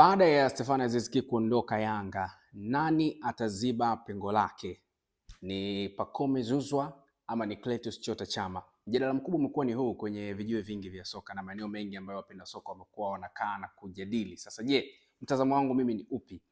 Baada ya Stephane Aziz Ki kuondoka Yanga, nani ataziba pengo lake? Ni Pacome Zuzwa ama ni Clatous Chota Chama? Mjadala mkubwa umekuwa ni huu kwenye vijiwe vingi vya soka na maeneo mengi ambayo wapenda soka wamekuwa wanakaa na kujadili. Sasa je, mtazamo wangu mimi ni upi?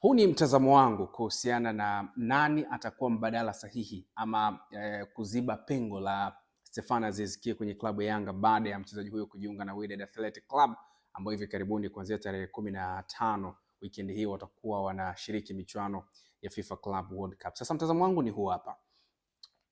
Huu ni mtazamo wangu kuhusiana na nani atakuwa mbadala sahihi ama eh, kuziba pengo la Stephane Aziz Ki kwenye klabu ya Yanga baada ya mchezaji huyo kujiunga na Wydad Athletic Club ambao hivi karibuni kuanzia tarehe kumi na tano wikendi hii watakuwa wanashiriki michuano ya FIFA Club World Cup. Sasa mtazamo wangu ni huu hapa.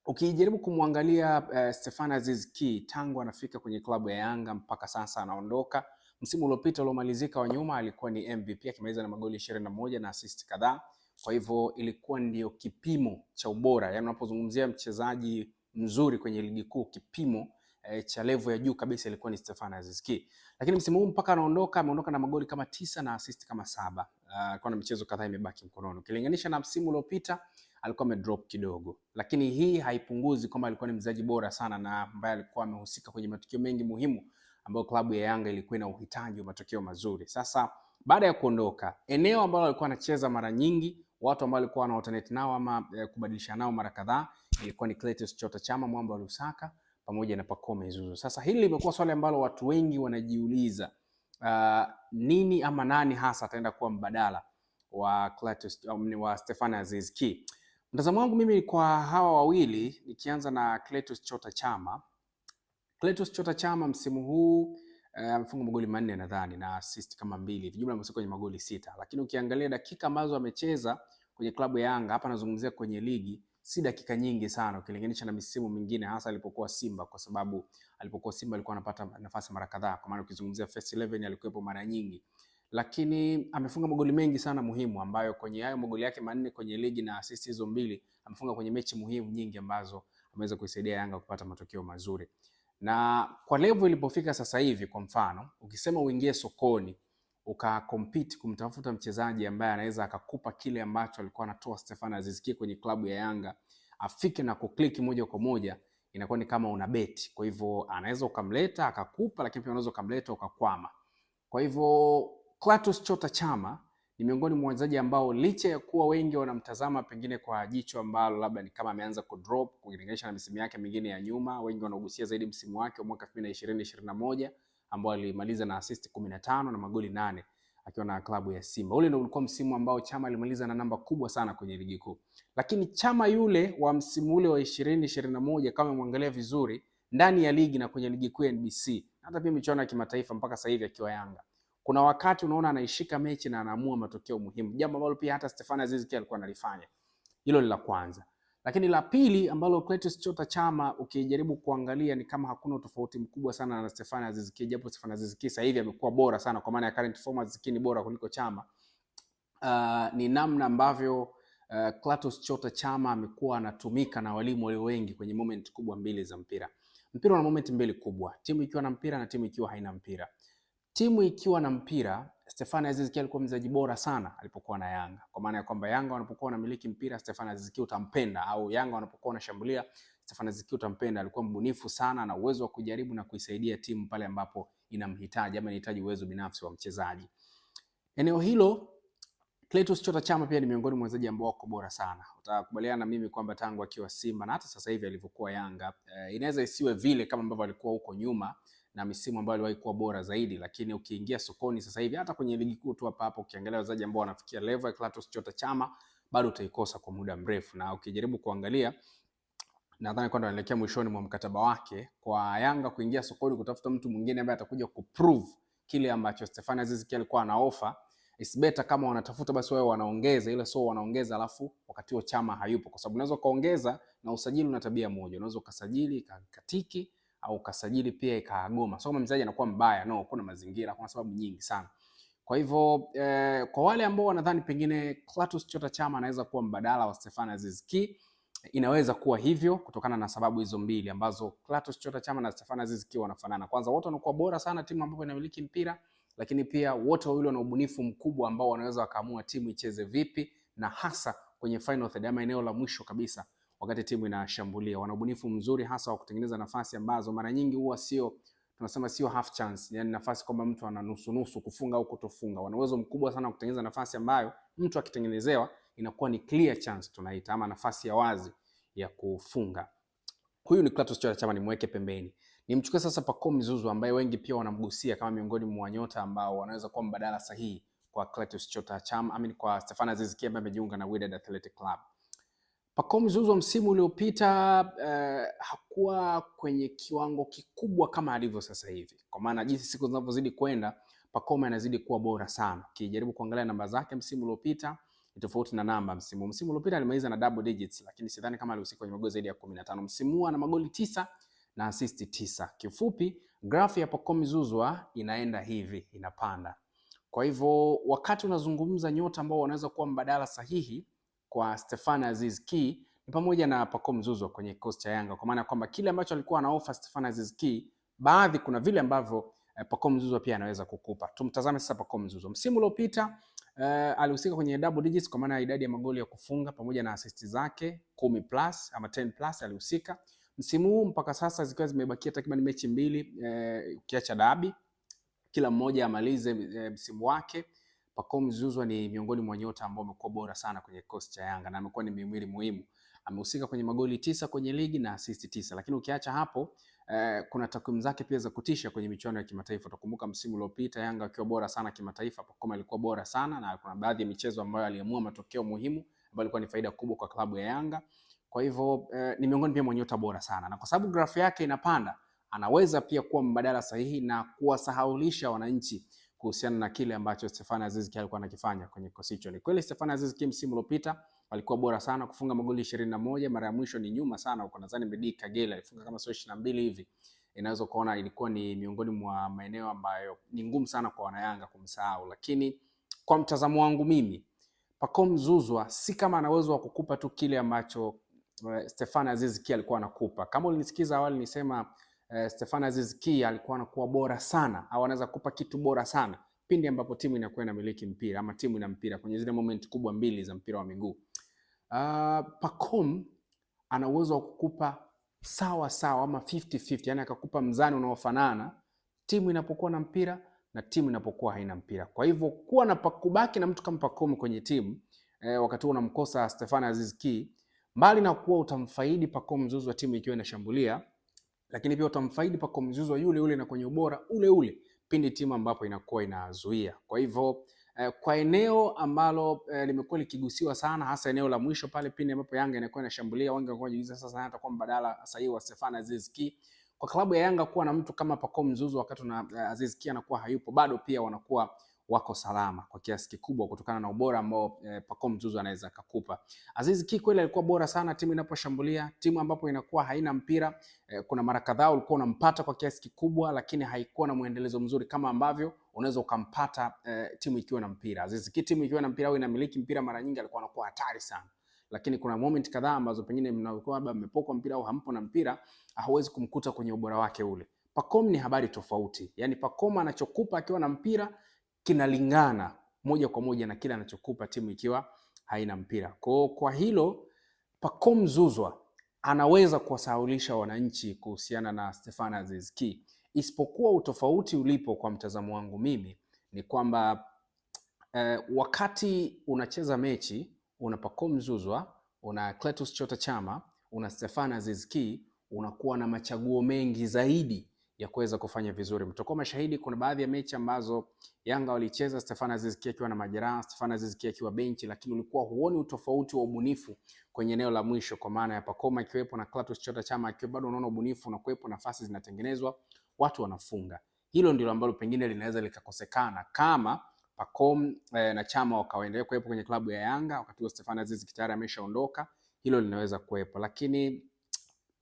Ukijaribu kumwangalia uh, Stefan Aziz Ki tangu anafika kwenye klabu ya Yanga mpaka sasa anaondoka, msimu uliopita uliomalizika wa nyuma alikuwa ni MVP akimaliza na magoli ishirini na moja na assist kadhaa. Kwa hivyo ilikuwa ndio kipimo cha ubora, yaani unapozungumzia mchezaji mzuri kwenye ligi kuu, kipimo eh, cha level ya juu kabisa ilikuwa ni Stephane Aziz Ki, lakini msimu huu mpaka anaondoka ameondoka na magoli kama tisa na assist kama saba. Ah, alikuwa Uh, na michezo kadhaa imebaki mkononi ukilinganisha na msimu uliopita alikuwa amedrop kidogo, lakini hii haipunguzi kwamba alikuwa ni mchezaji bora sana na ambaye alikuwa amehusika kwenye matukio mengi muhimu ambayo klabu ya Yanga ilikuwa ina uhitaji wa matokeo mazuri. Sasa baada ya kuondoka, eneo ambalo alikuwa anacheza mara nyingi, watu ambao alikuwa ana alternate nao ama eh, kubadilishana nao mara kadhaa ilikuwa ni Cletus Chota Chama, mwamba wa Lusaka pamoja na Pacome Zuzu. Sasa hili limekuwa swali ambalo watu wengi wanajiuliza, uh, nini ama nani hasa ataenda kuwa mbadala wa Clatous, um, wa Stefan Aziz Ki. Mtazamo wangu mimi kwa hawa wawili nikianza na Clatous Chota Chama. Clatous Chota Chama msimu huu eh, amefunga uh, magoli manne nadhani na assist kama mbili. Jumla amesema kwenye magoli sita. Lakini ukiangalia dakika ambazo amecheza kwenye klabu ya Yanga, hapa nazungumzia kwenye ligi, si dakika nyingi sana ukilinganisha na misimu mingine, hasa alipokuwa Simba, kwa sababu alipokuwa Simba alikuwa anapata nafasi mara kadhaa, kwa maana ukizungumzia first 11 alikuwepo mara nyingi, lakini amefunga magoli mengi sana muhimu, ambayo kwenye hayo magoli yake manne kwenye ligi na assist hizo mbili amefunga kwenye mechi muhimu nyingi ambazo ameweza kuisaidia Yanga kupata matokeo mazuri. Na kwa level ilipofika sasa hivi, kwa mfano ukisema uingie sokoni ukakompiti kumtafuta mchezaji ambaye anaweza akakupa kile ambacho alikuwa anatoa Stefano Aziz Ki kwenye klabu ya Yanga afike na kukliki moja kwa moja, inakuwa ni kama una beti. Kwa hivyo anaweza ukamleta akakupa, lakini pia unaweza ukamleta ukakwama. Kwa hivyo Clatous Chota Chama ni miongoni mwa wachezaji ambao licha ya kuwa wengi wanamtazama pengine kwa jicho ambalo labda ni kama ameanza kudrop kulinganisha na misimu yake mingine ya nyuma, wengi wanaogusia zaidi msimu wake wa mwaka 2020 2021 ambao alimaliza na assist 15 na magoli nane akiwa na klabu ya Simba. Ule ndio ulikuwa msimu ambao Chama alimaliza na namba kubwa sana kwenye ligi kuu. Lakini Chama yule wa msimu ule wa 2021 kama mwangalia vizuri ndani ya ligi na kwenye ligi kuu ya NBC, hata pia michuano ya kimataifa mpaka sasa hivi akiwa Yanga. Kuna wakati unaona anaishika mechi na anaamua matokeo muhimu. Jambo ambalo pia hata Stefano Aziz alikuwa analifanya. Hilo ni la kwanza. Lakini la pili ambalo Clatous Chota Chama ukijaribu kuangalia ni kama hakuna utofauti mkubwa sana na Stephane Aziz Ki, japo Stephane Aziz Ki sasa hivi amekuwa bora sana kwa maana ya current form, Aziz Ki ni bora kuliko Chama. Uh, ni namna ambavyo uh, ah, Clatous Chota Chama amekuwa anatumika na walimu walio wengi kwenye moment kubwa mbili za mpira. Mpira una moment mbili kubwa, timu ikiwa na mpira na timu ikiwa haina mpira. Timu ikiwa na mpira Stefano Aziz alikuwa mchezaji bora sana alipokuwa na Yanga, kwa maana ya kwamba Yanga wanapokuwa wanamiliki mpira Stefano Aziz utampenda, au Yanga wanapokuwa wanashambulia Stefano Aziz utampenda. Alikuwa mbunifu sana na uwezo wa kujaribu na kuisaidia timu pale ambapo inamhitaji ama inahitaji uwezo binafsi wa mchezaji. Eneo hilo Clatous Chota Chama pia ni miongoni mwa wachezaji ambao wako bora sana. Utakubaliana na mimi kwamba tangu akiwa Simba na hata sasa hivi alivyokuwa Yanga, uh, inaweza isiwe vile kama ambavyo alikuwa huko nyuma na misimu ambayo iliwahi kuwa bora zaidi, lakini ukiingia sokoni sasa hivi hata kwenye ligi kuu tu hapa hapa ukiangalia wachezaji ambao wanafikia level ya Clatous Chota Chama bado utaikosa kwa muda mrefu, na ukijaribu kuangalia nadhani kwamba anaelekea mwishoni mwa mkataba wake. Kwa Yanga kuingia sokoni kutafuta mtu mwingine ambaye atakuja kuprove kile ambacho Stephane Aziz Ki alikuwa ana offer is better. Kama wanatafuta basi wao wanaongeza ile, so wanaongeza alafu wakati huo Chama hayupo, kwa sababu unaweza kaongeza na usajili una tabia moja, unaweza ukasajili katiki au kasajili pia ikagoma. Sio kama mchezaji anakuwa mbaya, no, kuna mazingira, kuna sababu nyingi sana. Kwa hivyo eh, kwa wale ambao wanadhani pengine Clatous Chota Chama anaweza kuwa mbadala wa Stephane Aziz Ki, inaweza kuwa hivyo kutokana na sababu hizo mbili ambazo Clatous Chota Chama na Stephane Aziz Ki wanafanana. Kwanza wote wanakuwa bora sana timu ambayo inamiliki mpira, lakini pia wote wawili wana ubunifu mkubwa ambao wanaweza wakaamua timu icheze vipi na hasa kwenye final third ama eneo la mwisho kabisa wakati timu inashambulia. Wana ubunifu mzuri hasa wa kutengeneza nafasi ambazo mara nyingi huwa sio tunasema sio half chance, yani nafasi kwamba mtu ana nusu nusu kufunga au kutofunga. Wana uwezo mkubwa sana wa kutengeneza nafasi ambayo mtu akitengenezewa inakuwa ni clear chance tunaita, ama nafasi ya wazi ya kufunga. Huyu ni Clatous Chama Chama, nimweke pembeni. Nimchukue sasa Pacome Zouzoua ambaye wengi pia wanamgusia kama miongoni mwa nyota ambao wanaweza kuwa mbadala sahihi kwa Clatous Chama, amini kwa Stephane Aziz Ki ambaye amejiunga na Wydad Athletic Club. Pacome Zouzoua msimu uliopita uh, hakuwa kwenye kiwango kikubwa kama alivyo sasa hivi, kwa maana jinsi siku zinavyozidi kwenda Pacome anazidi kuwa bora sana. Ukijaribu kuangalia namba zake msimu uliopita ni tofauti na namba msimu msimu uliopita alimaliza na double digits, lakini sidhani kama alihusika kwenye magoli zaidi ya 15. Msimu huu ana magoli tisa na assist tisa. Kifupi, grafu ya Pacome Zouzoua inaenda hivi, inapanda. Kwa hivyo wakati unazungumza nyota ambao wanaweza kuwa mbadala sahihi kwa Stefan Aziz Ki ni pamoja na Paco Mzuzu kwenye kikosi cha Yanga, kwa maana kwamba kile ambacho alikuwa na anaofa Stefan Aziz Ki, baadhi kuna vile ambavyo eh, Paco Mzuzu pia anaweza kukupa. Tumtazame sasa Paco Mzuzu. Msimu uliopita eh, alihusika kwenye double digits kwa maana idadi ya magoli ya kufunga pamoja na assist zake 10 plus ama 10 plus alihusika. Msimu huu mpaka sasa zikiwa zimebakia takriban mechi mbili eh, ukiacha eh, dabi kila mmoja amalize eh, msimu wake Pacome Zouzoua ni miongoni mwa nyota ambao amekuwa bora sana kwenye kikosi cha Yanga na amekuwa ni mhimili muhimu. Amehusika kwenye magoli tisa kwenye ligi na asisti tisa, lakini ukiacha hapo eh, kuna takwimu zake pia za kutisha kwenye michuano ya kimataifa. Utakumbuka msimu uliopita Yanga akiwa bora sana kimataifa, Pacome alikuwa bora sana na kuna baadhi ya michezo ambayo aliamua matokeo muhimu ambayo alikuwa ni faida kubwa kwa klabu ya Yanga. Kwa hivyo eh, ni miongoni pia mwa nyota bora sana, na kwa sababu grafu yake inapanda, anaweza pia kuwa mbadala sahihi na kuwasahaulisha wananchi kuhusiana na kile ambacho Stefan Aziz Ki alikuwa anakifanya kwenye kikosi hicho. Ni kweli Stefan Aziz Ki msimu uliopita alikuwa bora sana kufunga magoli 21, mara ya mwisho ni nyuma sana huko, nadhani Medi Kagela alifunga kama sio 22 hivi. Inaweza kuona ilikuwa ni miongoni mwa maeneo ambayo ni ngumu sana kwa wanayanga kumsahau, lakini kwa mtazamo wangu mimi Pacome Zouzoua si kama ana uwezo wa kukupa tu kile ambacho eh, Stefan Aziz Ki alikuwa anakupa. Kama ulinisikiza awali nisema eh, Stefan Aziz Ki alikuwa anakuwa bora sana au anaweza kupa kitu bora sana pindi ambapo timu inakuwa inamiliki mpira ama timu ina mpira kwenye zile moment kubwa mbili za mpira wa miguu. Uh, ah, Pacom ana uwezo wa kukupa sawa sawa ama 50-50, yani akakupa mzani unaofanana timu inapokuwa na mpira na timu inapokuwa haina mpira. Kwa hivyo kuwa na pakubaki na mtu kama Pacom kwenye timu eh, wakati huo unamkosa Stefan Aziz Ki, mbali na kuwa utamfaidi Pacom mzuzu wa timu ikiwa inashambulia lakini pia utamfaidi pako mzuzwa yule yule na kwenye ubora ule ule pindi timu ambapo inakuwa inazuia. Kwa hivyo eh, kwa eneo ambalo eh, limekuwa likigusiwa sana, hasa eneo la mwisho pale, pindi ambapo Yanga inakuwa inashambulia, wengi wanakuwa wanajiuliza sasa hata kwa mbadala sahihi wa Stefan Aziz Ki kwa klabu ya Yanga kuwa na mtu kama Pacome Zouzoua wakati na eh, Aziz Ki anakuwa hayupo bado, pia wanakuwa wako salama kwa kiasi kikubwa kutokana na ubora ambao eh, Pacome Zouzoua anaweza akakupa. Aziz Ki kweli alikuwa bora sana timu inaposhambulia, timu ambapo inakuwa haina mpira eh, kuna mara kadhaa ulikuwa unampata kwa kiasi kikubwa, lakini haikuwa na mwendelezo mzuri kama ambavyo unaweza ukampata eh, timu ikiwa na mpira. Aziz Ki timu ikiwa na mpira au inamiliki mpira, mara nyingi alikuwa anakuwa hatari sana lakini kuna moment kadhaa ambazo pengine mnakuwa labda mmepokwa mpira au hampo na mpira, hauwezi kumkuta kwenye ubora wake ule. Pacome ni habari tofauti, yaani Pacome anachokupa akiwa na mpira kinalingana moja kwa moja na kile anachokupa timu ikiwa haina mpira. Kwa, kwa hilo Pacome Zuzwa anaweza kuwasahulisha wananchi kuhusiana na Stephane Aziz Ki, isipokuwa utofauti ulipo kwa mtazamo wangu mimi ni kwamba eh, wakati unacheza mechi una Pacome Zuzwa, una Clatous Chota Chama, una Stephane Aziz Ki, unakuwa na machaguo mengi zaidi ya kuweza kufanya vizuri. Mtakuwa mashahidi, kuna baadhi ya mechi ambazo Yanga walicheza Stefan Aziz Ki akiwa na majeraha, Stefan Aziz Ki akiwa benchi, lakini ulikuwa huoni utofauti wa ubunifu kwenye eneo la mwisho, kwa maana ya Pakoma akiwepo na Clatous Chota Chama akiwa bado, unaona ubunifu na kuwepo, nafasi zinatengenezwa, watu wanafunga. Hilo ndilo ambalo pengine linaweza likakosekana kama Pacom eh, na Chama wakaendelea kuwepo kwenye klabu ya Yanga wakati huo Stefan Aziz Ki tayari ameshaondoka, hilo linaweza kuwepo lakini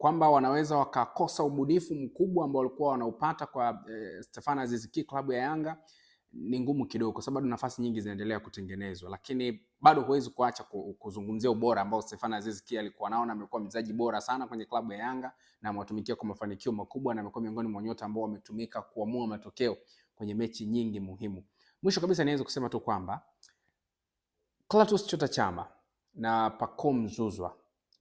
kwamba wanaweza wakakosa ubunifu mkubwa ambao walikuwa wanaupata kwa eh, Stefano Aziz Ki klabu ya Yanga ni ngumu kidogo, kwa sababu nafasi nyingi zinaendelea kutengenezwa, lakini bado huwezi kuacha kuzungumzia ubora ambao Stefano Aziz Ki alikuwa nao, na amekuwa mchezaji bora sana kwenye klabu ya Yanga na amewatumikia kwa mafanikio makubwa, na amekuwa miongoni mwa nyota ambao wametumika kuamua matokeo kwenye mechi nyingi muhimu. Mwisho kabisa niweze kusema tu kwamba Clatous Chota Chama na Pacome Zuzwa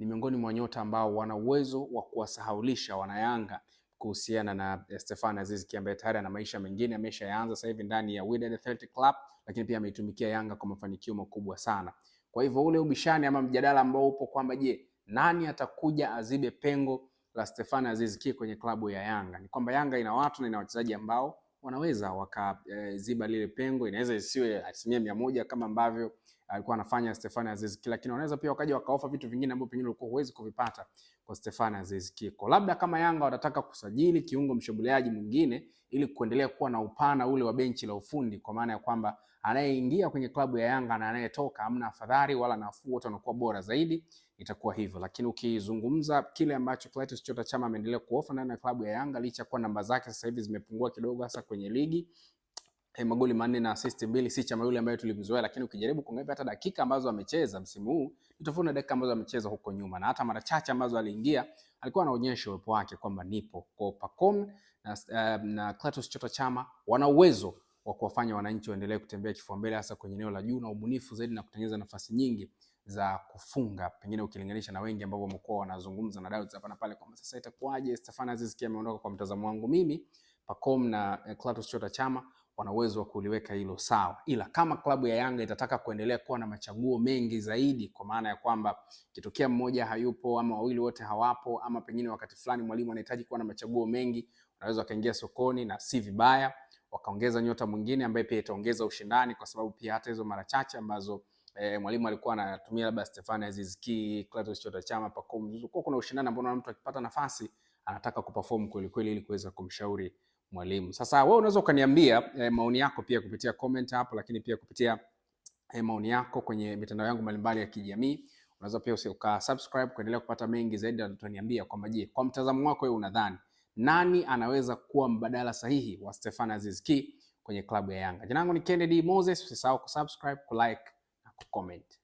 ni miongoni mwa nyota ambao wana uwezo wa kuwasahaulisha wanayanga kuhusiana na eh, Stefan Aziz ambaye tayari ana maisha mengine ameshaanza sasa hivi ndani ya Wydad Athletic Club, lakini pia ameitumikia Yanga kwa mafanikio makubwa sana. Kwa hivyo ule ubishani ama mjadala ambao upo kwamba je, nani atakuja azibe pengo la Stefan Aziz kwenye klabu ya Yanga ni kwamba Yanga ina watu na ina wachezaji ambao wanaweza wakaziba eh, e, lile pengo. Inaweza isiwe asilimia mia moja kama ambavyo alikuwa anafanya Stephane Aziz Ki, lakini wanaweza pia wakaja wakaofa vitu vingine ambavyo pengine ulikuwa huwezi kuvipata kwa Stephane Aziz Ki. Kwa labda kama Yanga watataka kusajili kiungo mshambuliaji mwingine ili kuendelea kuwa na upana ule wa benchi la ufundi, kwa maana ya kwamba anayeingia kwenye klabu ya Yanga na anayetoka amna afadhali wala nafuu, wote wanakuwa bora zaidi, itakuwa hivyo. Lakini ukizungumza kile ambacho Clatous Chota Chama ameendelea kuofa ndani ya klabu ya Yanga licha ya kuwa namba zake sasa hivi zimepungua kidogo, hasa kwenye ligi Hey, eh, magoli manne na assist mbili si chama yule ambaye tulimzoea, lakini ukijaribu kuangalia hata dakika ambazo amecheza msimu huu ni tofauti na dakika ambazo amecheza huko nyuma, na hata mara chache ambazo aliingia alikuwa anaonyesha uwepo wake kwamba nipo. Kwa Pacom na, uh, na Clatous Chota Chama wana uwezo wa kuwafanya wananchi waendelee kutembea kifua mbele, hasa kwenye eneo la juu na ubunifu zaidi na kutengeneza nafasi nyingi za kufunga, pengine ukilinganisha na wengi ambao wamekuwa wanazungumza na doubts hapa na pale kwamba sasa itakuwaje Stefan Aziz Ki ameondoka. Kwa mtazamo wangu mimi, Pacom na eh, Clatous Chota Chama wana uwezo wa kuliweka hilo sawa, ila kama klabu ya Yanga itataka kuendelea kuwa na machaguo mengi zaidi, kwa maana ya kwamba kitokea mmoja hayupo ama wawili wote hawapo, ama pengine wakati fulani mwalimu anahitaji kuwa na machaguo mengi, wanaweza wakaingia sokoni na si vibaya wakaongeza nyota mwingine ambaye pia itaongeza ushindani, kwa sababu pia hata hizo mara chache ambazo e, mwalimu alikuwa anatumia labda Stefani Aziz Ki, Clatous Chota Chama, Pacome Zouzoua, kuna ushindani ambao mtu akipata nafasi anataka kuperform kweli kweli ili kuweza kumshauri mwalimu. Sasa wewe unaweza ukaniambia eh, maoni yako pia kupitia comment hapo, lakini pia kupitia eh, maoni yako kwenye mitandao yangu mbalimbali ya kijamii. Unaweza pia uka subscribe kuendelea kupata mengi zaidi, na tutaniambia kwamba je, kwa mtazamo wako wewe unadhani nani anaweza kuwa mbadala sahihi wa Stefan Aziz Ki kwenye klabu ya Yanga? Jina langu ni Kennedy Moses, usisahau kusubscribe, kulike na kucomment.